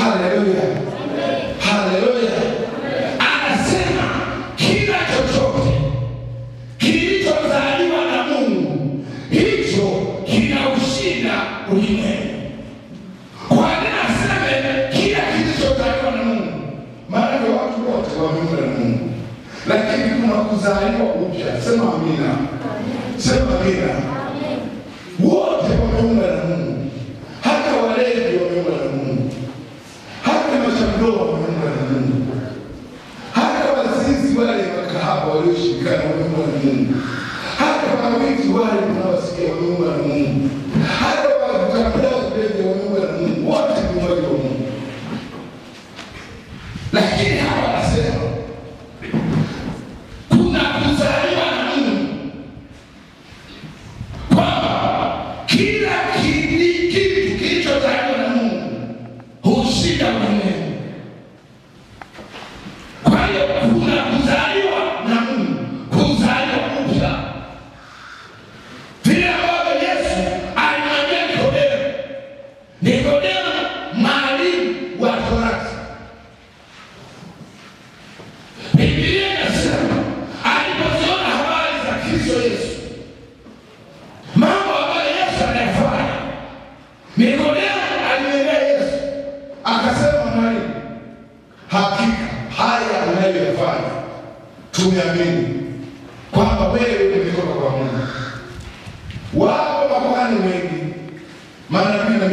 Haleluya, haleluya. Anasema kila chochote kilichozaliwa na Mungu hicho kinaushinda ulimwengu. Kwa nini aseme kila kilichozaliwa na Mungu? Maana watu wote wameumbwa na Mungu, lakini kuna kuzaliwa upya. Sema amina, sema amina, wote wameumbwa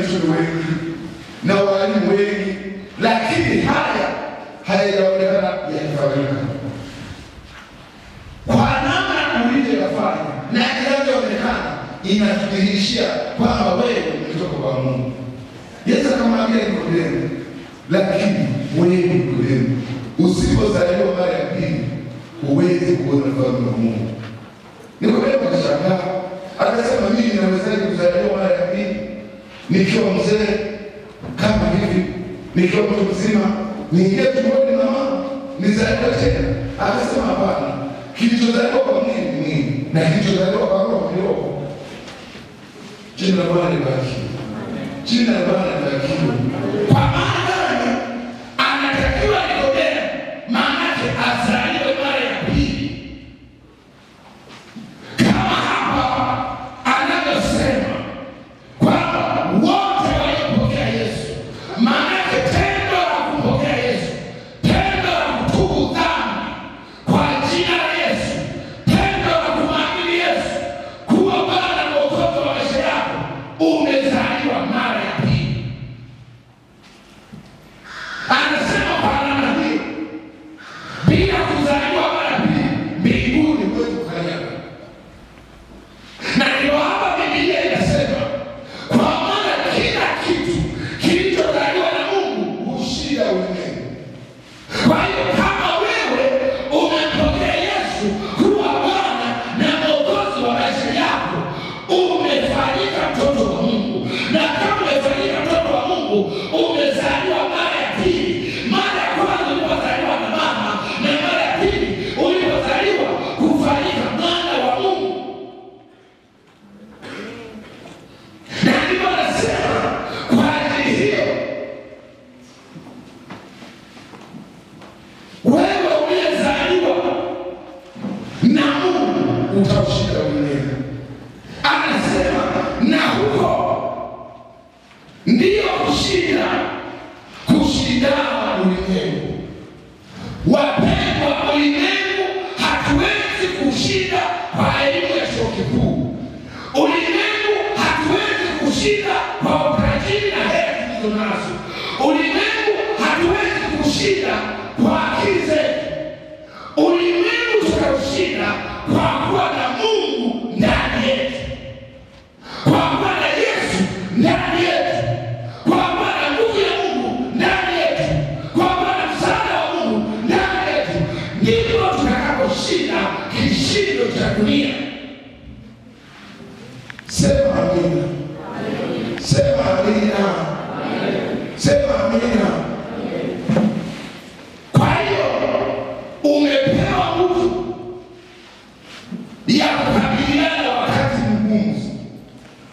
televisheni wengi na walimu wengi, lakini haya hayajaonekana yakifanyika kwa namna ulivyo yafanya na inavyoonekana, inatudhihirishia kwamba wewe umetoka kwa Mungu. Yesu akamwambia Nikodemo, lakini wewe Nikodemo, usipozaliwa mara ya pili huwezi kuona ufalme wa Mungu. Nikodemo akashangaa akasema, mimi nawezaje kuzaliwa mara nikiwa mzee kama hivi, nikiwa mtu mzima, niingie tumboni mama nizaliwe tena? Akasema hapana, kilichozaliwa kwa mwili ni na kilichozaliwa kwa roho ni roho. Jina la Bwana libarikiwe, jina la Bwana libarikiwe kwa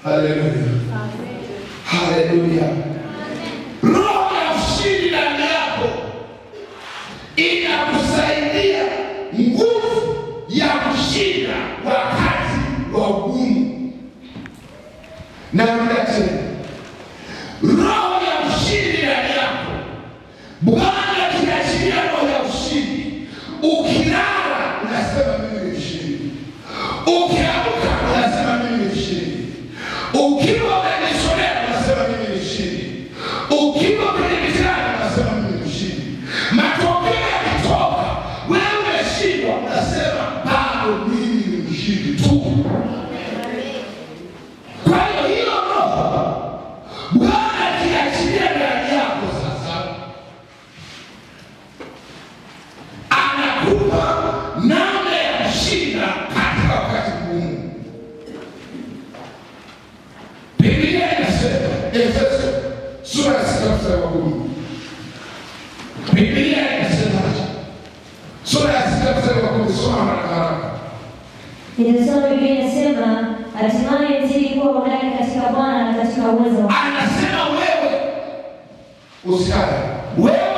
Haleluya, haleluya. Roho ya ushindi ndani yako inakusaidia nguvu ya kushinda wakati wa ugumu na Efeso sura ya sita mstari wa kumi Biblia inasemaje? Sura ya sita mstari wa kumi soma haraka haraka. Inasema Biblia inasema hatimaye mzidi kuwa hodari katika Bwana na katika uwezo. Anasema wewe usikate wewe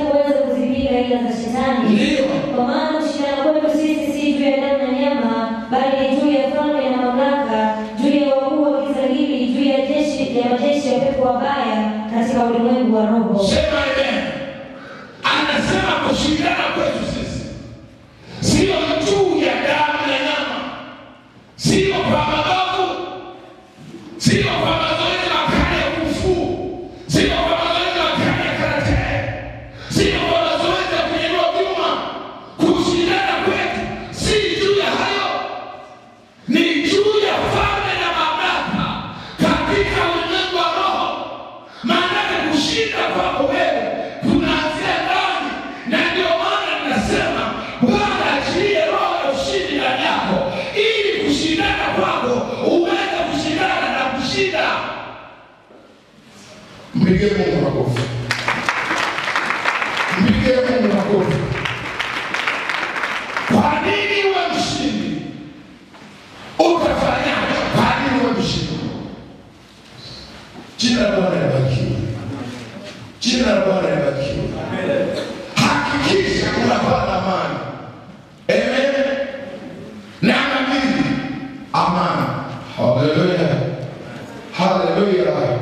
tuache kuweza kuzipinga ila za shetani, kwa maana ushindano kwetu sisi si juu ya damu na nyama, bali juu ya falme na mamlaka, juu ya wakuu wa giza hili, juu ya jeshi ya majeshi ya pepo wabaya katika ulimwengu wa roho. Sema, anasema kushindana kwetu Chegava o erro. Amen. Hallelujah. Hallelujah.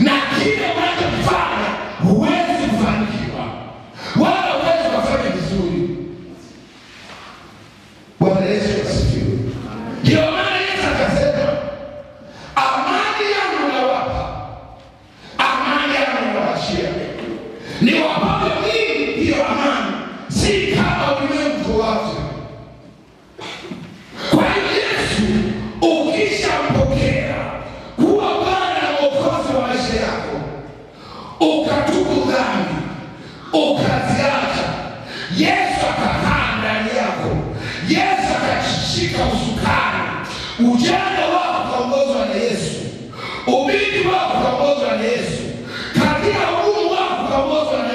na kile unachofanya huwezi kufanikiwa wala huwezi kufanya vizuri. Bwana Yesu asifiwe. Ndio maana Yesu akasema, amani yangu nawapa, amani yangu ni niwapapo ninyi hiyo amani si ujana wao ukaongozwa na Yesu, ubidi wao ukaongozwa na Yesu, katika ugumu wao ukaongozwa na